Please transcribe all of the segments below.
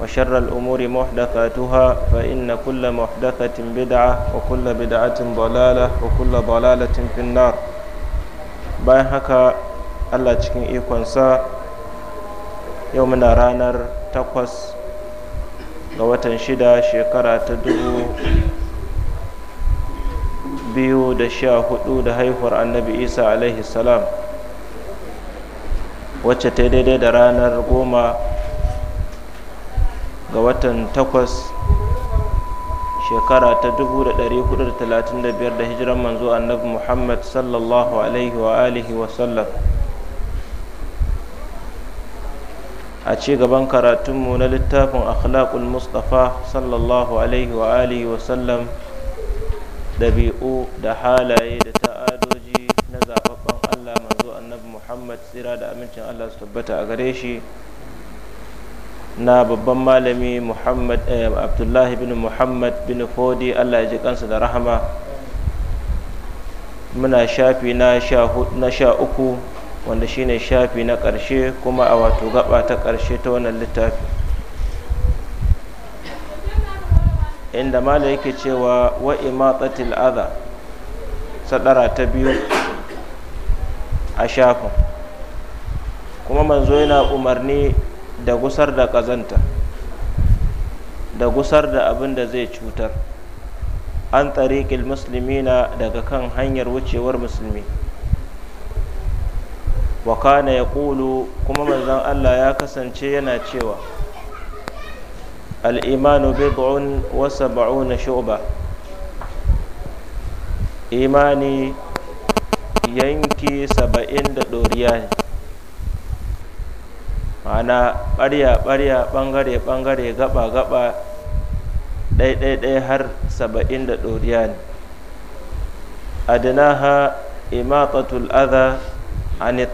wa sharra al’umuri mawadaka tuha fa ina kulla mawadaka kulla bida’a tun balala wa kulla balala tun finna bayan haka Allah cikin ikon sa yau muna ranar takwas ga watan shida shekara ta dubu biyu da sha hudu da haihuwar annabi isa alaihi salam wacce ta daidai da ranar goma ga watan takwas shekara ta 1435 da hijiran manzo annabi muhammad sallallahu alaihi wa alihi wasallam a ci gaban karatunmu na littafin akhlaqul mustafa sallallahu alaihi wa alihi wasallam ɗabi'u da halaye da ta'adoji na zababban allah manzo annabi muhammad tsira da amincin allah su tabbata a gare shi na babban malami muhammad eh, abdullahi bin muhammad bin fodi allah ya ji kansa da rahama muna shafi na sha uku wanda shine shafi na ƙarshe kuma a wato gaba ta ƙarshe ta wannan littafi inda malam yake cewa wa imatsatil adha sadara ta biyu a shafin kuma manzo yana umarni da gusar da kazanta. da gusar da abin da zai cutar an tsariƙil musulmi na daga kan hanyar wucewar musulmi Wakana ya ƙulu kuma manzan allah ya kasance yana cewa al'imanu bid'un wa saba'una shu'ba imani yanki saba'in da ɗoriya ne ma'ana ɓarya-ɓarya ɓangare-ɓangare gaba-gaba ɗaiɗaiɗai har saba'in da ɗoriya ne adinaha imatatul adha anit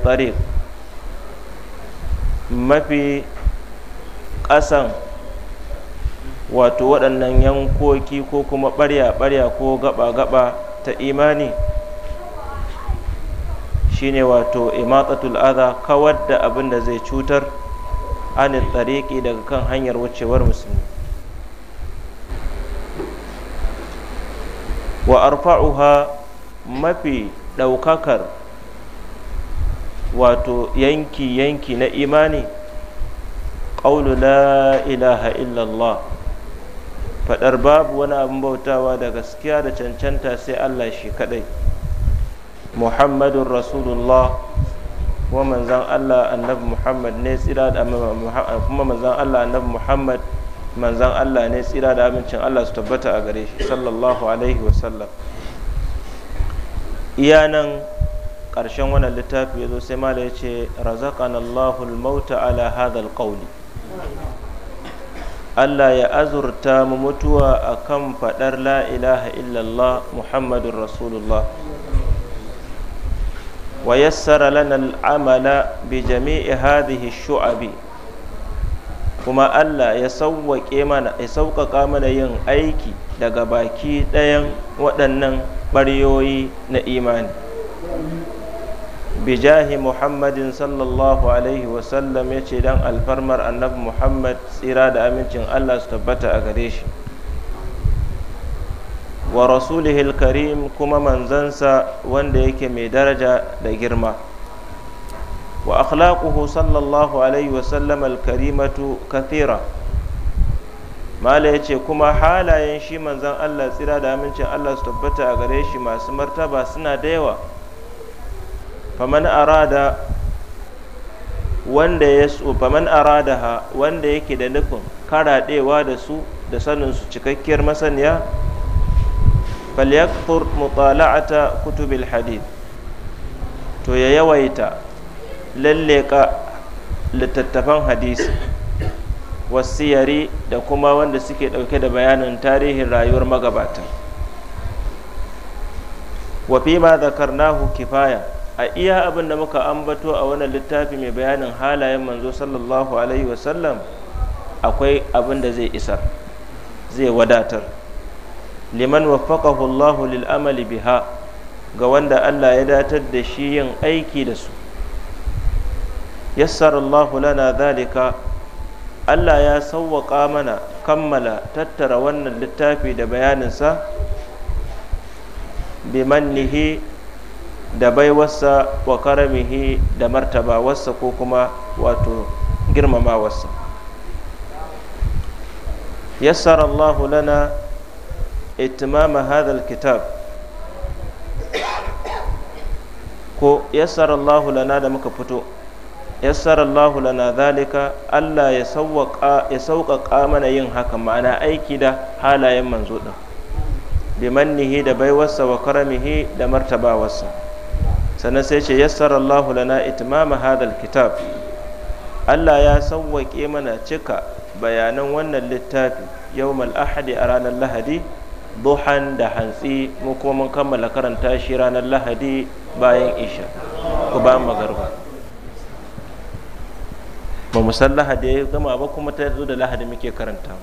mafi ƙasan wato waɗannan yankoki ko kuma ɓarya-ɓarya ko gaba-gaba ta imani shine wato imatatul adha kawar da abin da zai cutar anil tariqi daga kan hanyar wucewar musulmi wa arfa'uha mafi ɗaukakar wato yanki-yanki na imani ƙaunu la ilaha illallah faɗar babu wani abin bautawa da gaskiya da cancanta sai Allah shi kaɗai muhammadun rasulullah kuma manzan Allah annabi Muhammad ne tsira da kuma manzan Allah annabi Muhammad manzan Allah ne tsira da amincin Allah su tabbata a gare shi sallallahu alaihi sallam. iya nan ƙarshen wannan littafi ya zo sai mala ya ce razaqana Allahu mauta ala hadal alqawli Allah ya azurta mu mutuwa akan faɗar la ilaha illallah muhammadur Rasulullah ويسر لنا العمل بجميع هذه shu'abi kuma Allah ya sauƙaƙa mana yin aiki daga baki ɗayan waɗannan ɓaryoyi na imani bijahi muhammadin sallallahu alaihi wasallam ya ce don alfarmar annabi muhammad tsira da amincin Allah su tabbata a gare shi wa rasulihil karim kuma manzansa wanda yake mai daraja da girma wa akhlaquhu sallallahu alaihi wa al alkarimatu kathira mala yace kuma halayen shi manzan allah tsira da amincin allah su tabbata a gare shi masu martaba suna da yawa faman arada wanda ya so faman aradaha wanda yake da nufin karaɗewa da su da sanin su cikakkiyar masaniya falyakthur mutala'ata kutubil hadith to ya yawaita lalleka littattafan hadisi wasiyari da kuma wanda suke dauke da bayanin tarihin rayuwar magabata wa fi ma zakarnahu kifaya a iya abin da muka ambato a wannan littafi mai bayanin halayen manzo sallallahu alaihi wasallam akwai abin da zai isar zai wadatar liman waffaqahu Allah lil amali biha ga wanda Allah ya datar da shi yin aiki da su yassara Allah lana zalika Allah ya sawwaka mana kammala tattara wannan littafi da bayaninsa bimannihi da baiwarsa wa karamihi da martabawarsa ko kuma wato girmamawarsa yassara Allah lana itimama hadal kitab ko yassarallahu lana da muka fito yassarallahu lana zalika Allah ya sauƙaƙa mana yin haka ma'ana aiki da halayen manzo ɗin da baiwarsa wa karamihi da martabawarsa sannan sai ce yassarallahu lana itimama hadal kitab Allah ya sauwaƙe mana cika bayanan wannan littafi yawmal ahadi a ranar lahadi duhan da hantsi mu kuma mun kammala karanta shi ranar lahadi bayan isha ku ba mu Garba ba mu san lahadi ya gama ba kuma ta zo da lahadi muke karanta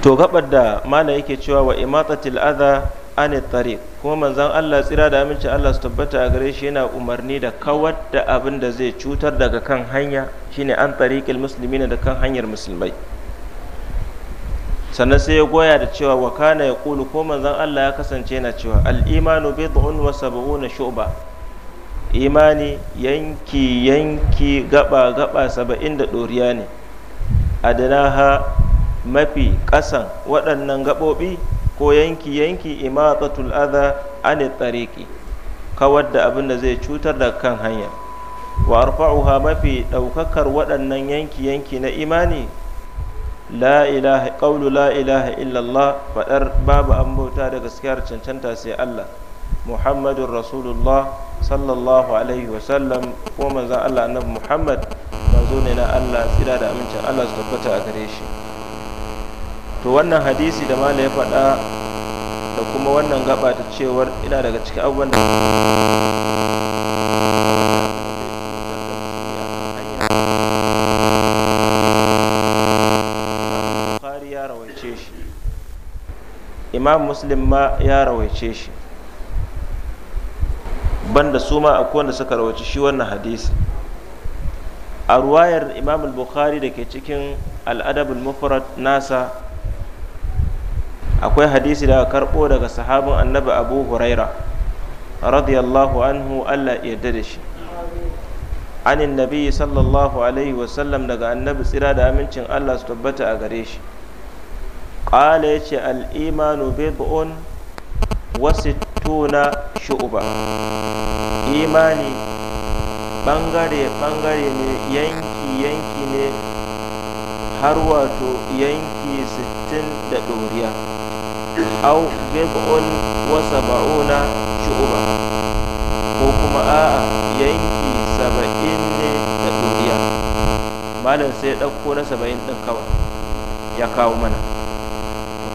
to gabar da mana yake cewa wa imatatil adha an tariq kuma manzon Allah tsira da aminci Allah su tabbata a gare shi yana umarni da kawar da abin da zai cutar daga kan hanya shine an musulmi ne da kan hanyar musulmai sannan sai ya goya da cewa wa kana ya kulu ko manzan Allah ya kasance na cewa al-imanu bid'un wa na shu'ba imani yanki yanki gaba gaba saba'in da ɗoriya ne adanaha mafi ƙasan waɗannan gaɓoɓi ko yanki yanki imatatul adha an tsariki. kawar da abin da zai cutar da kan hanyar. wa arfa'uha mafi daukakar waɗannan yanki-yanki na imani la ilaha ƙaulu la ilaha illallah faɗar babu an bauta da gaskiyar cancanta sai Allah muhammadun rasulullah sallallahu alaihi wa sallam ko manzo Allah annabi muhammad manzo ne na Allah tsira da amincin Allah su tabbata a gare shi to wannan hadisi da mala ya faɗa da kuma wannan gaba ta cewar ina daga cikin abubuwan da imam muslim ma ya rawaice shi banda su ma akwai wanda suka rawaci shi wannan hadisi a ruwayar imam al bukhari da ke cikin al mufrad nasa akwai hadisi da karbo daga sahabin annabi abu huraira radiyallahu anhu allah yadda da shi anin nabi sallallahu alaihi wasallam daga annabi tsira da amincin allah su tabbata a gare shi ƙala ya ce al'imanu bid'un wasu tuna shu'uba imani ɓangare-ɓangare ne yanki-yanki ne har wato yanki sittin da ɗoriya au bid'un wasa ba'una shu'uba ko kuma a'a yanki saba'in ne da ɗoriya malam sai ɗauko na saba'in ɗin kawai ya kawo mana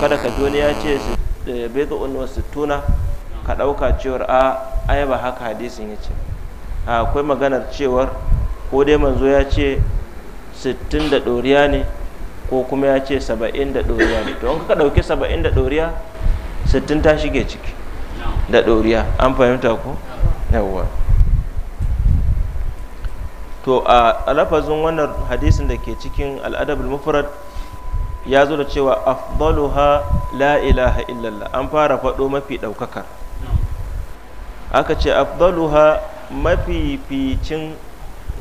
kada ka joni ya ce su eh, bid'un wasu tuna ka ɗauka cewar a ai ba haka hadisin ya ce akwai maganar cewar ko dai manzo ya ce sittin da ɗoriya ne ko kuma ya ce saba'in da ɗoriya ne to ka ɗauki saba'in da ɗoriya sittin ta shige ciki da ɗoriya an fahimta ko yawwa to a lafazin wannan hadisin da ke cikin al'adabul mufrad ya zo da cewa afdaluha la ilaha illallah an fara faɗo mafi ɗaukaka aka ce afdaluha mafificin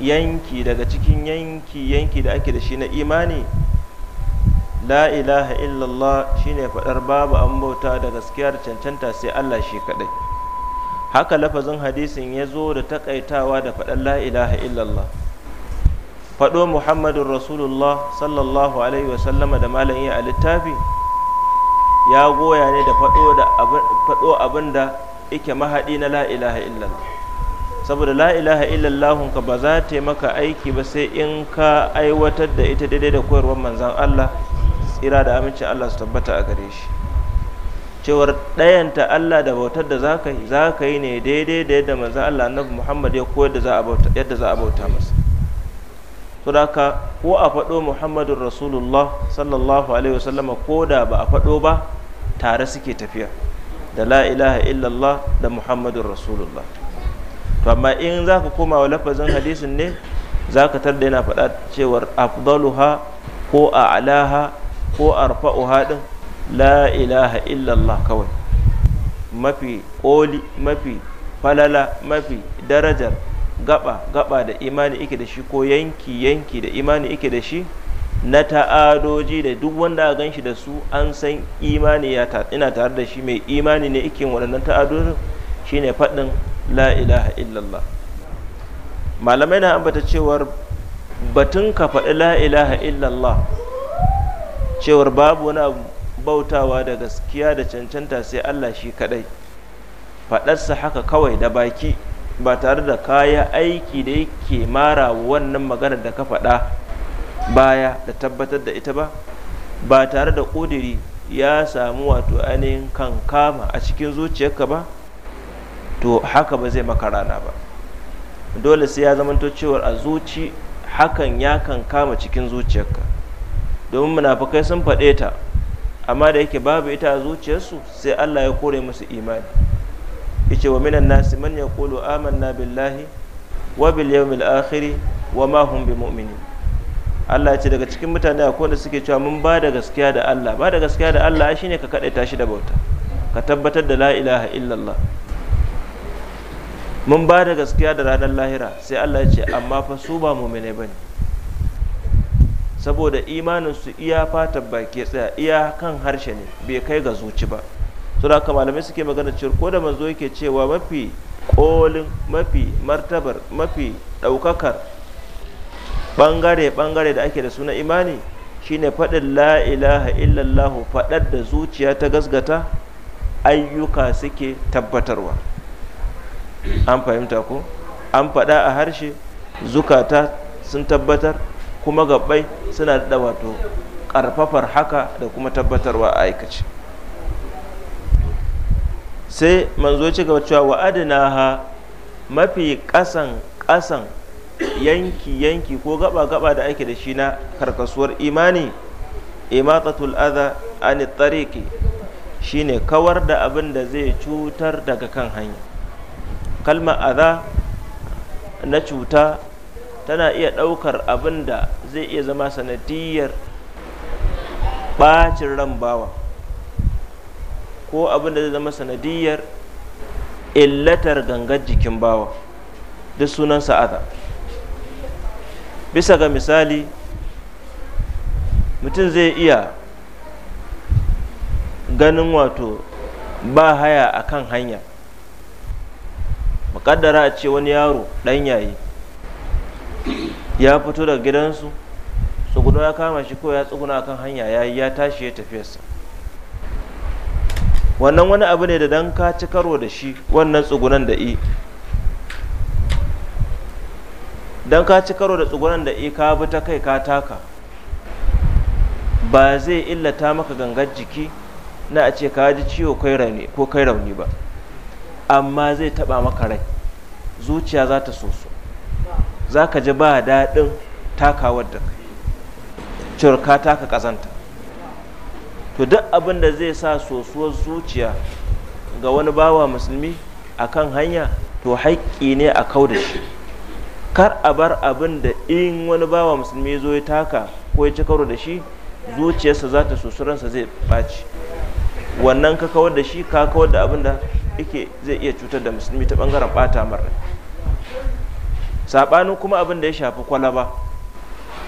yanki daga cikin yanki yanki da ake da shi na imani la ilaha illallah shine faɗar babu an bauta da gaskiyar cancanta sai Allah shi kaɗai haka lafazin hadisin ya zo da taƙaitawa da faɗar la ilaha illallah faɗo muhammadun rasulullah sallallahu alaihi wasallama da malam iya a littafi ya goya ne da faɗo abin da ike mahaɗi na la'ilaha illallah saboda la'ilaha illallahun ba za ta maka aiki ba sai in ka aiwatar da ita daidai da koyarwar manzan Allah tsira da amincin Allah su tabbata a gare shi cewar ɗayanta Allah da bautar da za ka yi ne daidai da yadda manzan Allah annabi Muhammad ya koyar da yadda za a bauta masa saboda ko a faɗo muhammadun rasulullah sallallahu alaihi wasallama ko da ba a faɗo ba tare suke tafiya da la ilaha illallah da muhammadun rasulullah to amma in za ka koma wa lafazin hadisin ne za ka tarda yana faɗa cewar afdaluha ko a alaha ko a din la ilaha illallah kawai mafi ƙoli mafi falala mafi darajar gaba gaba da imani ike da shi ko yanki yanki da imani ike da shi na ta'adoji da duk wanda a gan shi da su an san imani ya ina tare da shi mai imani ne ike waɗannan shi ne faɗin la ilaha illallah malamai na ambata cewar batun ka faɗi la ilaha illallah cewar babu wani bautawa da gaskiya da cancanta sai Allah shi kaɗai faɗarsa haka kawai da baki ba tare da kaya aiki da yake mara wannan maganar da ka faɗa baya da tabbatar da ita ba ba tare da ƙudiri ya samu wato ainihin kankama a cikin zuciyarka ba to haka ba zai maka rana ba dole sai ya zamanto cewar a zuci hakan ya kankama cikin zuciyarka domin munafukai sun faɗe ta amma da yake babu ita a zuciyarsu sai allah ya kore musu imani yace wa minan nasi man yaqulu amanna billahi wa bil yawmil akhir wa ma hum mu'minin Allah ya ce daga cikin mutane akwai wanda suke cewa mun ba da gaskiya da Allah ba da gaskiya da Allah ne ka ta shi da bauta ka tabbatar da la ilaha illallah mun ba gaskiya da ranar lahira sai Allah ya ce amma fa su ba mu'mine bane saboda imanin su iya fatan baki tsaya iya kan harshe ne bai kai ga zuci ba to da malamai suke magana cewa ko da manzo yake cewa mafi kolin mafi martabar mafi daukakar bangare bangare da ake da suna imani shine faɗin la ilaha illallah faɗar da zuciya ta gasgata ayyuka suke tabbatarwa an fahimta ko an faɗa a harshe zukata sun tabbatar kuma gabbai suna da wato karfafar haka da kuma tabbatarwa a aikace sai manzo ci gaba cewa wa ha mafi kasan kasan yanki yanki ko gaba gaba da ake da shi na karkasuwar imani imatatul adha an tariqi shine kawar da abin da zai cutar daga kan hanya kalma adha na cuta tana iya ɗaukar abin da zai iya zama sanadiyar ɓacin ran bawa ko abin da zai zama sanadiyar illatar gangar jikin bawa duk sunan sa'ada bisa ga misali mutum zai iya ganin wato ba haya a kan hanya makaddara a ce wani yaro ɗan yayi ya fito daga gidansu guda ya kama shi ko ya tsuguna kan hanya ya ya tashi ya tafiyarsa wannan wani abu ne da don ka ci karo da shi wannan tsugunan da i don ka ci karo da tsugunan da i ka bi ta kai ka taka ba zai illata maka gangar jiki na a ce ka ji ciwo kai rauni ko kai rauni ba amma zai taba maka rai zuciya za ta soso za ka ji ba daɗin takawar da kai cewar ka taka ƙazanta to duk abin da zai sa sosuwar zuciya ga wani bawa musulmi a kan hanya to haƙƙi ne a kau da shi kar a bar abin da in wani bawa musulmi zo ya taka ko ya ci karo da shi zuciyarsa za ta susuransa zai ɓaci wannan ka kawar da shi ka kawar da abin da yake zai iya cutar da musulmi ta ɓangaren ɓata mara saɓanin kuma abin da ya shafi kwalaba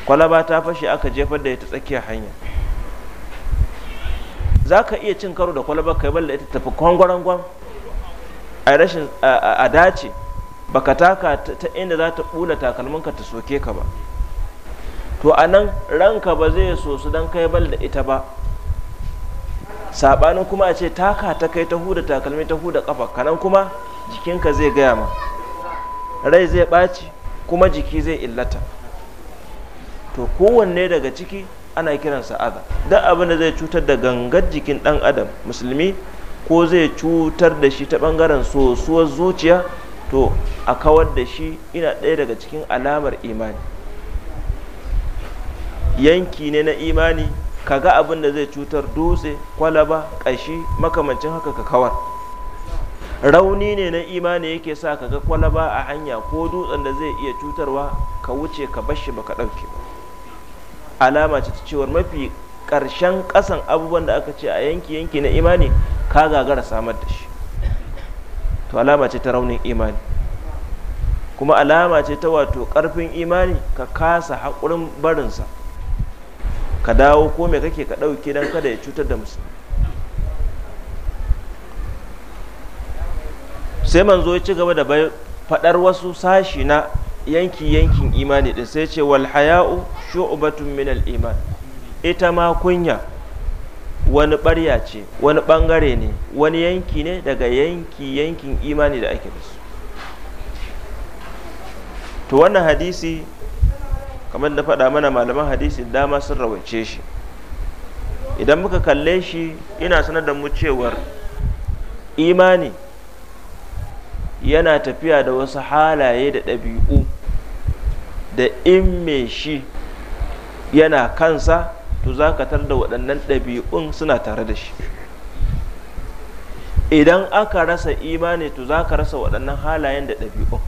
kwalaba ta fashe aka jefar da ya ta tsakiyar hanya za ka iya cin karo da kwalbar kai balla ita tafi kwangwarangwan a rashin a dace baka taka ta inda za ta bula takalminka ta soke ka ba to a nan ranka ba zai so su don kai balla ita ba Saɓanin kuma a ce taka ta kai ta huda takalmi ta huda ƙafa, kanan kuma jikinka zai gaya ma rai zai ɓaci kuma jiki zai illata to kowanne daga ciki ana kiransa adha duk abin da zai cutar da gangar jikin dan adam musulmi ko zai cutar da shi ta bangaren sosuwar zuciya to a kawar da shi ina ɗaya daga cikin alamar imani yanki ne na imani ka ga abin da zai cutar dutse kwalaba ƙashi makamancin haka ka kawar rauni ne na imani yake sa ka ga kwalaba a hanya ko dutsen da zai iya cutarwa ka wuce ka bashi ba ka ɗauke ba alama ce ta cewar mafi ƙarshen ƙasan abubuwan da aka ce a yanki yanki na imani ka gagara samar da shi to alama ce ta raunin imani kuma alama ce ta wato ƙarfin imani ka kasa haƙurin barinsa ka dawo ko me kake ka ɗauke don kada ya cutar da musu? sai manzo ya ci gaba da faɗar wasu sashi na yanki yankin imani din sai ce wal haya'u shu'batun min al iman ita ma kunya wani barya ce wani bangare ne wani yanki ne daga yanki yankin imani da ake da to wannan hadisi kamar da faɗa mana malaman hadisi dama sun rawaice shi idan muka kalle shi ina sanar da mu cewar imani yana tafiya da wasu halaye da ɗabi'u da in me shi yana kansa to za ka tar da waɗannan ɗabi'un suna tare da shi idan aka rasa imani to za ka rasa waɗannan halayen da ɗabi'un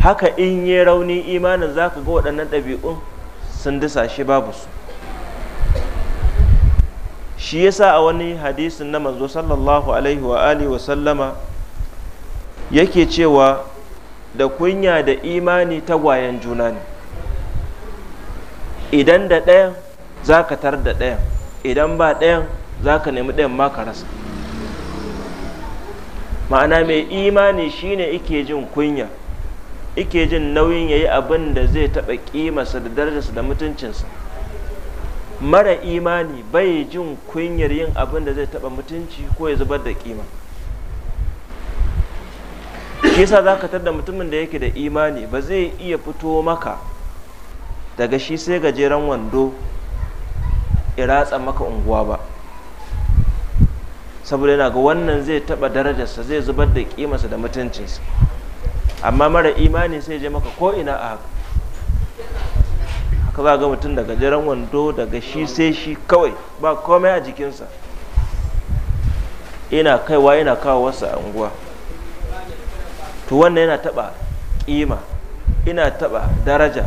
haka in yi rauni imanin za ka ga waɗannan ɗabi'un sun disa shi babu su shi yasa a wani hadisin na manzo sallallahu alaihi wa alihi wa sallama yake cewa da kunya da imani ta wayan juna ne idan da ɗaya za ka tar da ɗayan idan ba ɗayan za ka nemi ɗayan ma rasa ma'ana mai imani shine ike jin kunya ike jin nauyin ya yi abin da zai taɓa ƙimarsa da darajarsa da mutuncinsa mara imani bai jin kunyar yin abin da zai taɓa mutunci ko ya zubar da ƙima shi yasa za ka da mutumin da yake da imani ba zai iya fito maka daga shi sai gajeren wando ya ratsa maka unguwa ba saboda yana ga wannan zai taba darajarsa zai zubar da kimarsa da mutuncinsa amma mara imani sai je maka ko ina a haka haka za ga mutum daga jiran wando daga shi sai shi kawai ba komai a jikinsa ina kaiwa yana kawo wasu a unguwa to wannan yana taba kima ina taba daraja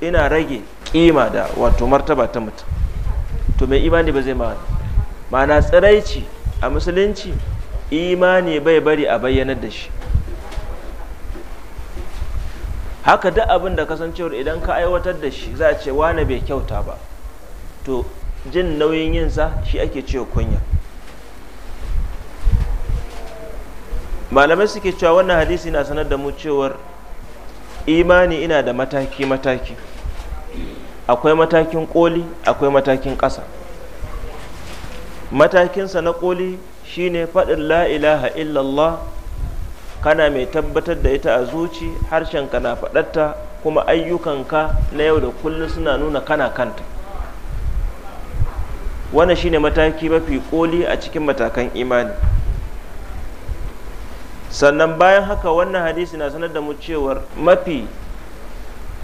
ina rage kima da wato martaba ta mutum to mai imani ba zai ma ma'ana tsiraici a musulunci imani bai bari a bayyanar da shi haka duk abin da kasancewar idan ka aiwatar da shi za a ce wane bai kyauta ba to jin nauyin yinsa shi ake cewa kunya malamai suke cewa wannan hadisi na sanar da mu cewar imani ina da mataki-mataki akwai matakin koli akwai matakin ƙasa matakinsa na koli shine faɗin la ilaha illallah kana mai tabbatar da ita a zuci harshenka na faɗarta kuma ayyukanka na yau da kullum suna nuna kana kanta wannan shine mataki mafi koli a cikin matakan imani sannan bayan haka wannan hadisi na sanar da mu cewar mafi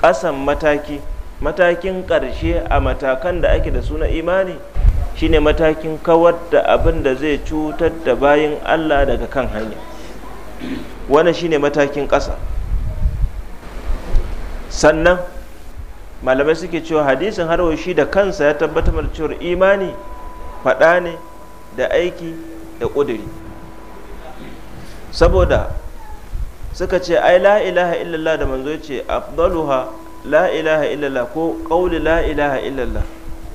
ƙasan mataki matakin ƙarshe a matakan da ake da suna imani shine matakin kawar da abin da zai cutar da bayan Allah daga kan hanya wannan shine matakin ƙasa sannan malamai suke cewa hadisin harwa shi da kansa ya tabbatar da cewar imani faɗa ne da aiki da ƙudiri. saboda suka ce ai la ilaha illallah da manzo ce afdaluha la ilaha illallah ko qauli la ilaha illallah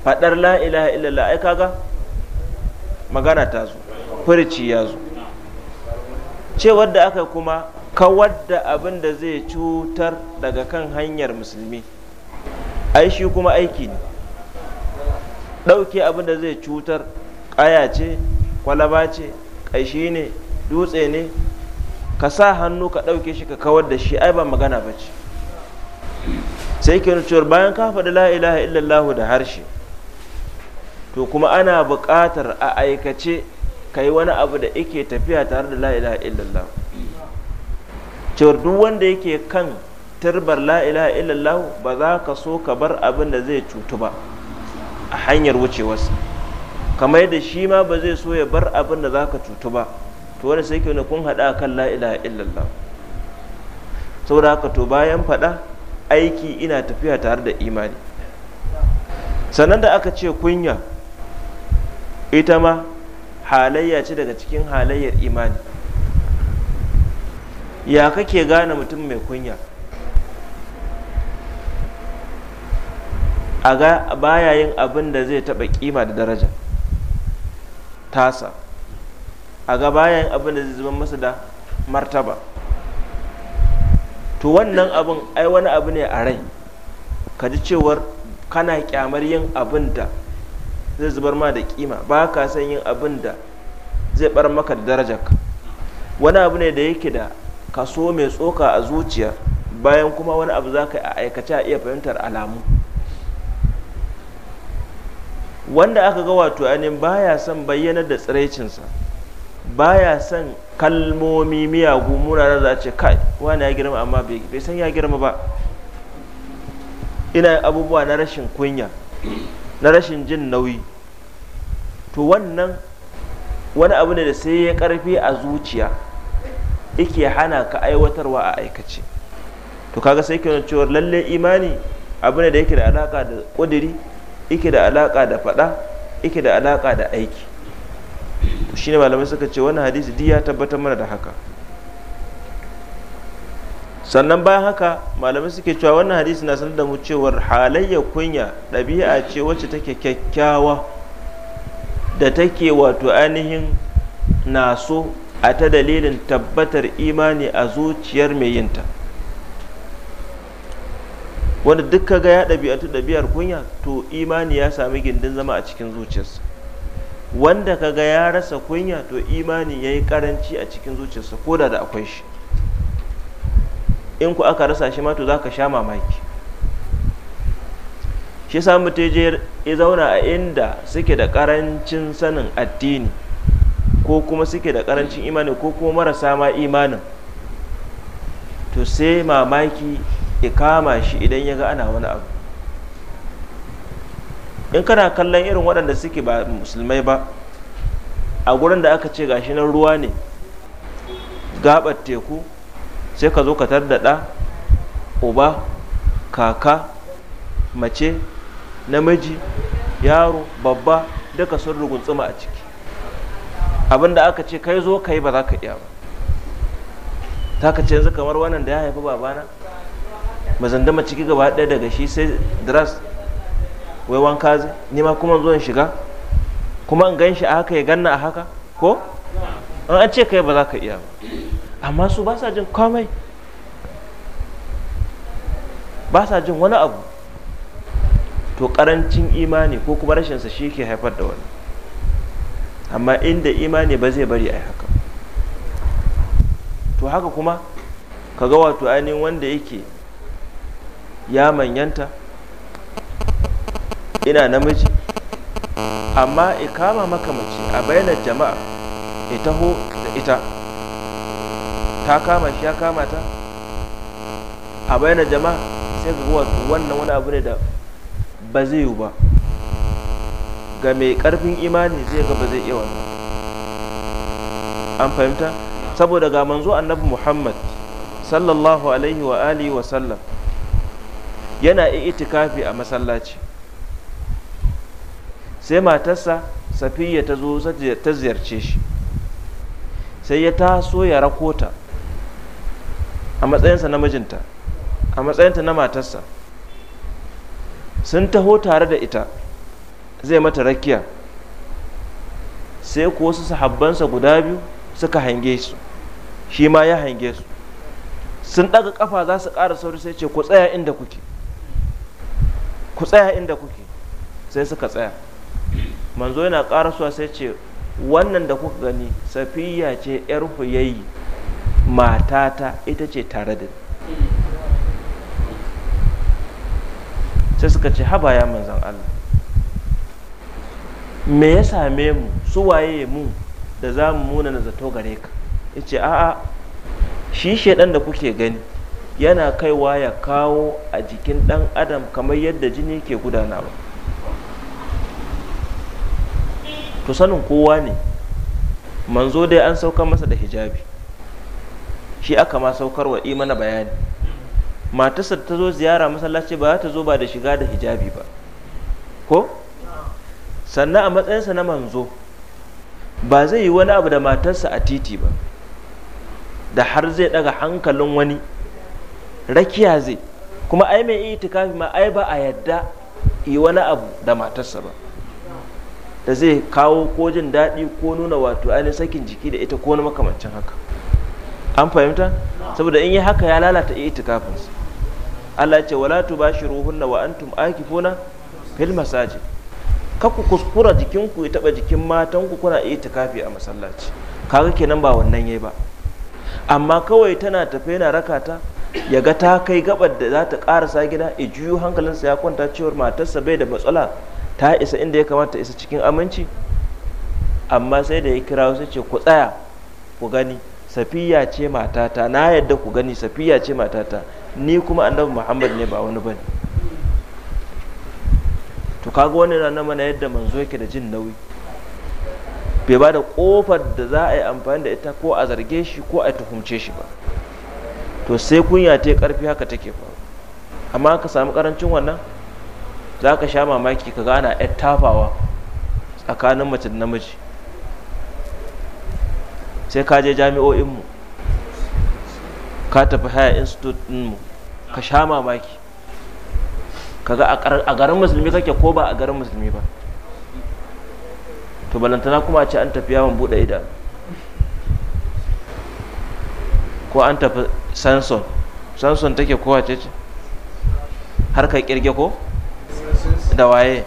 fadar la ilaha illallah ai kaga magana ta zo furici ya zo cewar da aka kuma kawar da abin da zai cutar daga kan hanyar musulmi ai shi kuma aiki ne ɗauke abin da zai cutar ƙaya ce kwalaba ce ƙashi ne dutse ne ka sa hannu ka ɗauke shi ka kawar da shi ai ba magana ba ce sai ke cewar bayan ka faɗi la ilaha illallahu da harshe to kuma ana buƙatar a aikace ka yi wani abu da ike tafiya tare da la ilaha cewar duk wanda yake kan turbar la ilaha ba za ka so ka bar abin da zai cutu ba a hanyar wucewarsa kamar yadda shi ma ba zai so ya bar abin da za ka cutu ba to wani sai wani kun haɗa kan la ilaha illallah saboda haka to bayan faɗa aiki ina tafiya tare da imani sannan da aka ce kunya ita ma halayya ce daga cikin halayyar imani ya kake gane mutum mai kunya a bayayin abin da zai taɓa kima da daraja tasa a ga bayan abin da zai zama masa da martaba to wannan abin ai wani abu ne a rai ka ji cewar kana kyamar yin abin da zai zubar ma da kima ba ka san yin abin da zai bar maka da darajarka wani abu ne da yake da kaso mai tsoka a zuciya bayan kuma wani abu za ka a aikace a iya fahimtar alamu wanda aka ga wato ainihin baya son bayyanar da tsiraicinsa baya son kalmomi miyagu munanan da ce kai wani ya girma amma bai san ya girma ba ina abubuwa na rashin kunya na rashin jin nauyi to wannan wani abu ne da sai ya karfi a zuciya ike hana ka aiwatarwa a aikace to kaga sai kenan cewa lalle imani abu ne da yake da alaka da ƙudiri yake da alaka da faɗa yake da alaka da aiki shin ne malamai suka ce wannan hadisi duk ya tabbatar mana da haka sannan bayan haka malamai suke cewa wannan hadisi na sanar da mu cewar halayya kunya ɗabi'a ce wacce take kyakkyawa da take wato ainihin naso a ta dalilin tabbatar imani a zuciyar mai yinta wanda duk ga ya ɗabi'atu ɗabi'ar kunya to imani ya sami gindin zama a cikin zuciyarsa wanda ka ga ya rasa kunya to imani ya yi karanci a cikin zuciyarsa ko da da akwai shi in ku aka rasa shi ma to za ka sha mamaki shi sa mutum ya zauna a inda suke da karancin sanin addini ko kuma suke da karancin imani ko kuma marasa ma imanin to sai mamaki ya kama shi idan ya ga ana wani abu in kana kallon irin waɗanda suke ba musulmai ba a gurin da aka ce gashi nan ruwa ne gabar teku sai ka zo ka tardaɗa uba kaka mace namiji yaro babba duka sun ruguntsuma a ciki abinda aka ce kai zo kai ba za ka iya ba ta ka ce yanzu kamar wannan da ya haifi babana mazandama ciki gaba ɗaya daga shi sai dras wai wanka zai nima kuma zo in shiga kuma in ganshi a haka ya ganna a haka ko an an ce kai ba za ka iya ba amma su ba sa jin komai ba sa jin wani abu to karancin imani ko kuma rashinsa shi ke haifar da wani amma inda imani ba zai bari a haka to haka kuma ka ga wato ainihin wanda yake ya manyanta ina namiji amma ikama maka mace a bayanar jama'a ita ho da ita ta kama shi ya kama ta a bayanar jama'a sai ga wato wannan wani abu ne da ba zai yiwu ba ga mai karfin imani zai ga ba zai iya wannan an fahimta saboda ga manzo annabi muhammad sallallahu alaihi wa alihi wa sallam yana itikafi a masallaci sai matarsa safiya ta zo ta ziyarce shi sai ya taso ya rakota a matsayinsa na mijinta a matsayinta na matarsa sun taho tare da ita zai mata rakiya sai ko wasu sahabbansa guda biyu suka hange su shi ma ya hange su sun ɗaga ƙafa za su ƙara sauri sai ce ku tsaya inda kuke ku tsaya inda kuke sai suka tsaya manzo yana karasuwa sai ce wannan da kuka gani safiya ce yar huyayi matata ita ce tare da sai suka ce haba ya manzan Allah me ya same mu su waye mu da za mu muna na zato gare ka ya ce a'a shi shaidan da kuke gani yana kaiwa ya kawo a jikin dan adam kamar yadda jini ke gudanawa to sanin kowa ne manzo dai an saukar masa da hijabi shi aka ma saukar wa imana bayani matarsa ta zo ziyara masallaci ba ta zo ba da shiga da hijabi ba ko sannan a matsayinsa na manzo ba zai yi wani abu da matarsa a titi ba da har zai daga hankalin wani rakiya zai kuma ai mai itikafi ma ai ba a yadda yi wani abu da matarsa ba da zai kawo ko jin daɗi ko nuna wato ainihin sakin jiki da ita ko na makamancin haka an fahimta saboda in yi haka ya lalata itikafinsa Allah ce wala tubashiruhunna wa antum fona fil masaji ka kuskura jikinku ya taɓa jikin matanku kuna itikafi a masallaci kaga kenan ba wannan yayi ba amma kawai tana tafe na rakata ya ga ta kai gabar da za ta karasa gida ya juyo hankalinsa ya kwanta cewar matarsa bai da matsala ta isa inda ya kamata isa cikin aminci amma sai da ya kira wasu ce ku tsaya ku gani safiya ce matata na yadda ku gani safiya ce matata ni kuma annabi muhammad ne ba wani bane to kaga wani na mana yadda manzo yake da jin nauyi bai ba da kofar da za a yi amfani da ita ko a zarge shi ko a tuhumce shi ba to sai kunya ta karfi haka take faru amma ka samu karancin wannan za ka sha mamaki ka gana yar tafawa tsakanin mace da namiji sai ka je jami'o'inmu ka tafi haya institute ɗinmu ka sha mamaki ka ga a garin musulmi kake ko ba a garin musulmi ba to balantana kuma a ce an tafi yawon buɗe idanu ko an tafi sanson sanson take kowace ce har ka kirge ko da waye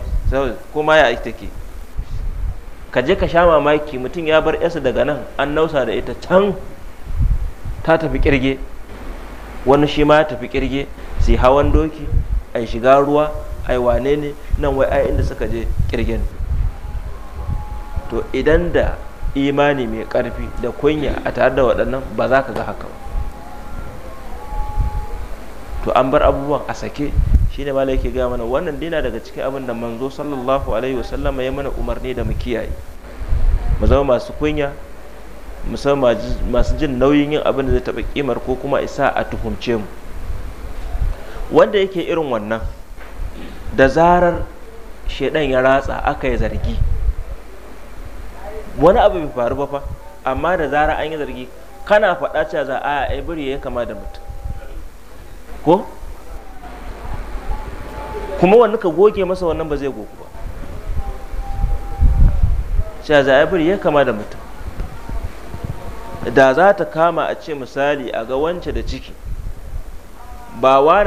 kuma ya take ka je ka sha mamaki mutum ya bar yasa daga nan an nausa da ita can ta tafi kirge wani shi ma ya tafi kirge sai hawan doki ai shiga ruwa ai wane ne nan wai ai inda suka je kirgen to idan da imani mai karfi da kunya a tare da waɗannan ba za ka ga haka ba to an bar abubuwan a sake shine ne yake gaya mana wannan dina daga cikin abin da manzo sallallahu alaihi wasallama ya mana umarni da mu kiyaye mu zama masu kunya mu san masu jin nauyin yin abin da zai taɓa kimar ko kuma isa a tuhumce mu wanda yake irin wannan da zarar shaidan ya ratsa aka yi zargi wani abu bai faru ba fa amma da zarar an yi zargi kana faɗa cewa za a biri ya kama da mutum ko kuma wani ka goge masa wannan ba zai goku ba sha za'abir ya kama da mutum da za ta kama a ce misali a ga wance da ciki ba wani